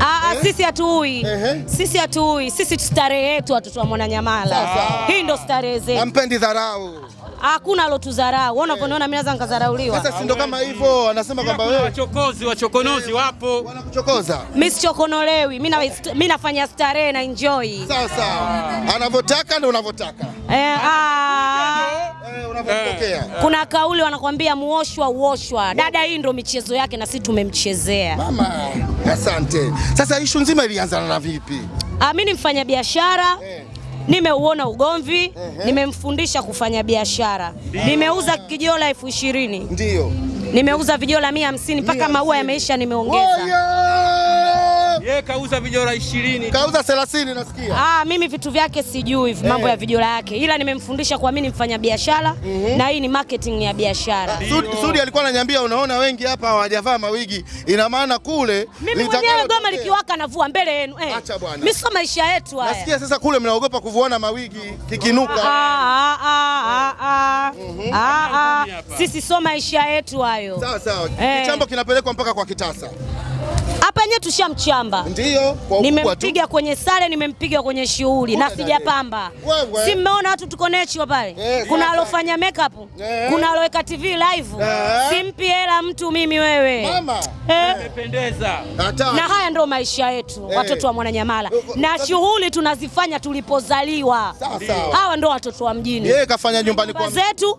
Ah, eh? Sisi hatuui. Sisi hatuui. Sisi starehe yetu watoto wa Mwananyamala. Hii ndo starehe zetu. Ampendi dharau. Hakuna alotudharau. Wewe unaponiona mimi naweza nikadharauliwa. Sasa si ndo kama hivyo anasema kwamba wewe wachokozi wachokonozi wapo. Eh, wanakuchokoza. Mimi sichokonolewi. Mimi nafanya starehe na enjoy. Sasa sawa. Anavotaka ndio unavotaka. Eh, ah wanavyopokea. Eh. Kuna kauli wanakwambia muoshwa uoshwa. Dada hii ndio michezo yake na sisi tumemchezea. Mama, asante. Sasa ishu nzima ilianza na vipi? Mimi ah, ni mfanya biashara eh. Nimeuona ugomvi uh-huh. Nimemfundisha kufanya biashara Nimeuza kijola elfu ishirini. Ndio. Nimeuza vijola mia hamsini mpaka maua yameisha nimeongeza. Yeye kauza vijora 20. Kauza 30 nasikia. Ah, mimi vitu vyake sijui hey, mambo ya eh. vijora yake ila nimemfundisha kwa mimi mfanya biashara mm -hmm. na hii ni marketing ya biashara. Sudi alikuwa ananiambia unaona wengi hapa hawajavaa mawigi ina maana kule mimi mwenyewe goma likiwaka navua mbele yenu eh. Acha bwana. Mimi sio maisha yetu haya. Nasikia sasa kule mnaogopa kuvuana mawigi kikinuka. Ah, ah, ah, ah. Ah ah. Mhm. ah, ah. Sisi sio maisha yetu hayo. Sawa sawa. Hey. Eh. Kichambo kinapelekwa mpaka kwa kitasa hapa nyewe tushamchamba, ndio nimempiga kwenye sale nimempiga kwenye shughuli na sijapamba. Si mmeona watu tuko nechwa pale yes, eh, kuna alofanya makeup yes, eh. kuna aloweka TV live yes. Eh. Simpi hela mtu mimi wewe mama eh. Na haya ndo maisha yetu Watoto wa Mwananyamala na shughuli tunazifanya tulipozaliwa. Sawa sawa. Hawa ndo watoto wa mjini. Yeye kafanya nyumbani kwa zetu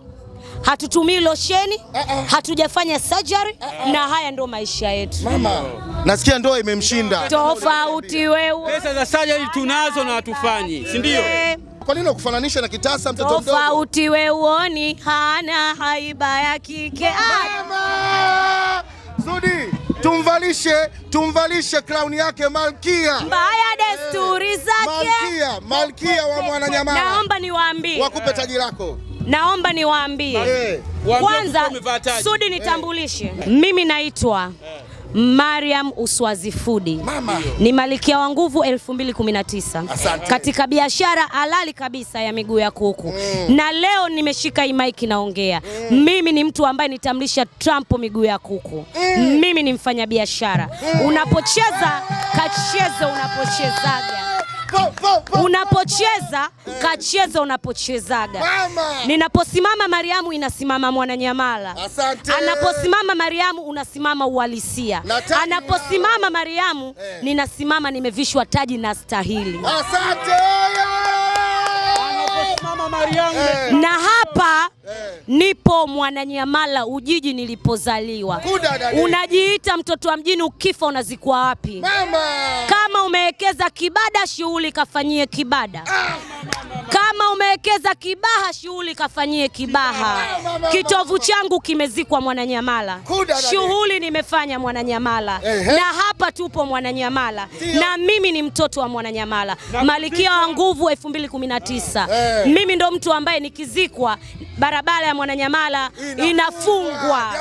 hatutumii losheni eh, eh hatujafanya surgery eh, eh. na haya ndo maisha yetu mama. Nasikia ndoa imemshinda tofauti wewe. Pesa za surgery tunazo na hatufanyi, si ndio? Eh. Kwa nini kufananisha na kitasa mtoto mdogo? Tofauti wewe uoni hana haiba ya kike. Ah. Mama! Zudi, tumvalishe, tumvalishe crown yake malkia. Mbaya desturi zake. Malkia, malkia wa Mwananyamala. Naomba niwaambie. Wakupe taji lako naomba niwaambie hey. Eh, Kwanza Sudi eh. nitambulishe Mimi naitwa Mariam Uswazifudi Mama. Ni malikia wa nguvu 2019 katika biashara halali kabisa ya miguu ya kuku mm. Na leo nimeshika hii maiki naongea mm. Mimi ni mtu ambaye nitamlisha Trump miguu ya kuku mm. Mimi ni mfanyabiashara mm. Unapocheza kacheze unapochezaga unapocheza kacheza unapochezaga. Ninaposimama Mariamu inasimama Mwananyamala, anaposimama Mariamu unasimama uhalisia, anaposimama Mariamu eh. ninasimama nimevishwa taji na stahili. Asante. Eh. Na hapa eh. nipo Mwananyamala, Ujiji nilipozaliwa. unajiita mtoto wa mjini, ukifa unazikwa wapi? Mama umewekeza kibada, shughuli kafanyie kibada. Kama umewekeza kibaha, shughuli kafanyie kibaha. Kitovu changu kimezikwa Mwananyamala, shughuli nimefanya Mwananyamala, na hapa tupo Mwananyamala, na mimi ni mtoto wa Mwananyamala, malikia wa Nguvu 2019. Eh. Mimi ndo mtu ambaye nikizikwa, barabara ya Mwananyamala inafungwa.